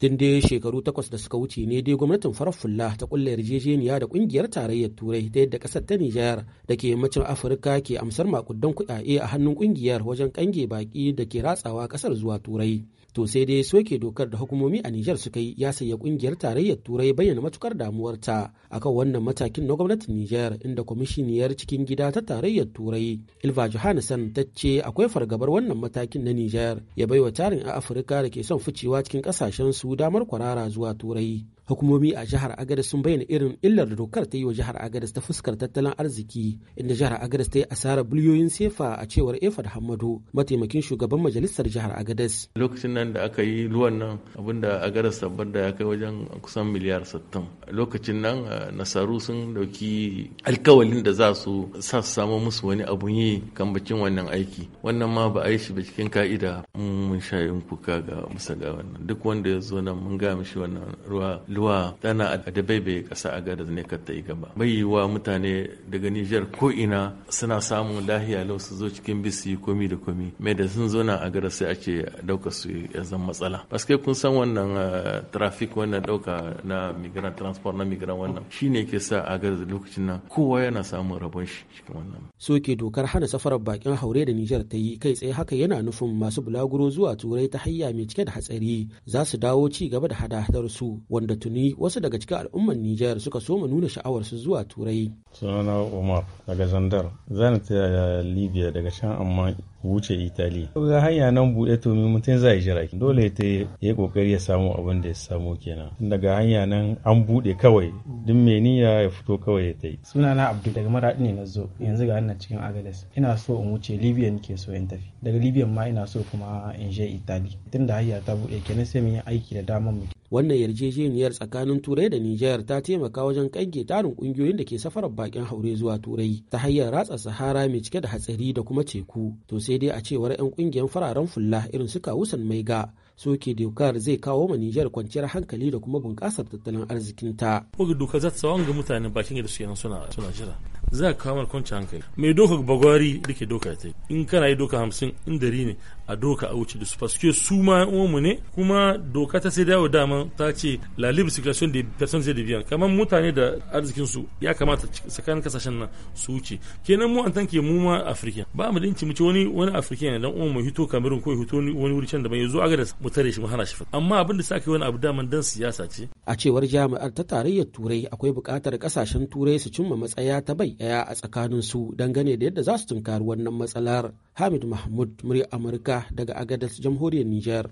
tun dai shekaru takwas da suka wuce ne dai gwamnatin farar fulla ta kulle yarjejeniya da kungiyar tarayyar turai ta yadda kasar ta nijar da ke yammacin afirka ke amsar makudan kuɗaɗe a hannun kungiyar wajen kange baki da ke ratsawa kasar zuwa turai to sai dai soke dokar da hukumomi a nijar suka yi ya sanya kungiyar tarayyar turai bayyana matukar damuwarta akan wannan matakin na gwamnatin nijar inda kwamishiniyar cikin gida ta tarayyar turai ilva johannesson ta ce akwai fargabar wannan matakin na nijar ya baiwa tarin a afirka da ke son ficewa cikin kasashen su damar kwarara zuwa Turai hukumomi a jihar agadas sun bayyana irin illar da dokar ta yi wa jihar agadas ta fuskar tattalin arziki inda jihar agadas ta yi asarar biliyoyin sefa a cewar efad hamadu mataimakin shugaban majalisar jihar agadas lokacin nan da aka yi ruwan nan abinda agadas tabbar da ya kai wajen kusan miliyar sattin lokacin nan eh, nasaru sun dauki alkawalin da za su sa su samu musu wani abun yi kan bakin wannan aiki wannan ma ba a yi shi ba cikin ka'ida mun sha yin kuka ga musa ga wannan duk wanda ya zo nan mun ga mishi wannan ruwa addu'a tana da bai kasa a gada ne ta yi gaba bai wa mutane daga Nijar ko ina suna samun lahiya lau su zo cikin bisi komi da komi mai da sun zo nan a gada sai ake dauka su ya zan matsala paske kun san wannan eh, traffic wannan dauka na migrant transport na migrant wannan shine ke sa a gada lokacin nan kowa yana samun rabon shi cikin wannan soke dokar hana safarar bakin haure da Nijar ta yi kai tsaye haka yana nufin masu bulaguro zuwa turai ta hanya mai cike da hatsari za su dawo ci gaba da hada-hadar su wanda tuni wasu daga cikin al'umman Nijar suka soma nuna sha'awarsu zuwa Turai. Sunana Umar daga Zandar. Zan ta Libya daga can amma wuce italy. Ga hanya nan buɗe to mutum zai jira. Dole ta yi kokari ya samu abin da ya samu kenan. Daga hanya nan an buɗe kawai. Duk mai niyya ya fito kawai ya ta yi. Sunana Abdul daga maraɗi ne na zo. Yanzu ga hannun cikin agales Ina so in wuce Libya ke so in tafi. Daga Libya ma ina so kuma in je Itali. Tunda hanya ta buɗe kenan sai mun yi aiki da dama mu. wannan yarjejeniyar tsakanin turai da nijar ta taimaka wajen kange tarin kungiyoyin da ke safarar bakin haure zuwa turai ta hanyar ratsa sahara mai cike da hatsari da kuma teku to sai dai a cewar 'yan kungiyar fararen fulla irin su kawusan maiga soke dokar zai kawo ma nijar kwanciyar hankali da kuma bunƙasar tattalin arzikinta. ta doka za ta tsawon ga mutane bakin da su yana suna jira. za ka kamar kwanci hankali mai doka bagwari ke doka ta in kana yi doka hamsin in dari ne a doka a wuce da su paske su ma ne kuma doka ta sai dawo dama ta ce la libre circulation des personnes et des biens kamar mutane da arzikin ya kamata tsakanin kasashen nan su wuce kenan mu an tanke mu ma afrika ba mu dinci mu ci wani wani afrika ne dan uwan mu hito kamerun ko hito wani wuri can da bai zo mu tare shi mu hana shi amma abin da sa kai wani abu daman dan siyasa ce a cewar jami'ar ta tarayyar turai akwai buƙatar kasashen turai su cimma matsaya ta bai ɗaya a tsakanin su dangane da yadda za su tunkari wannan matsalar. Hamid Mahmud, muryar Amurka daga agadas Jamhuriyar Nijar.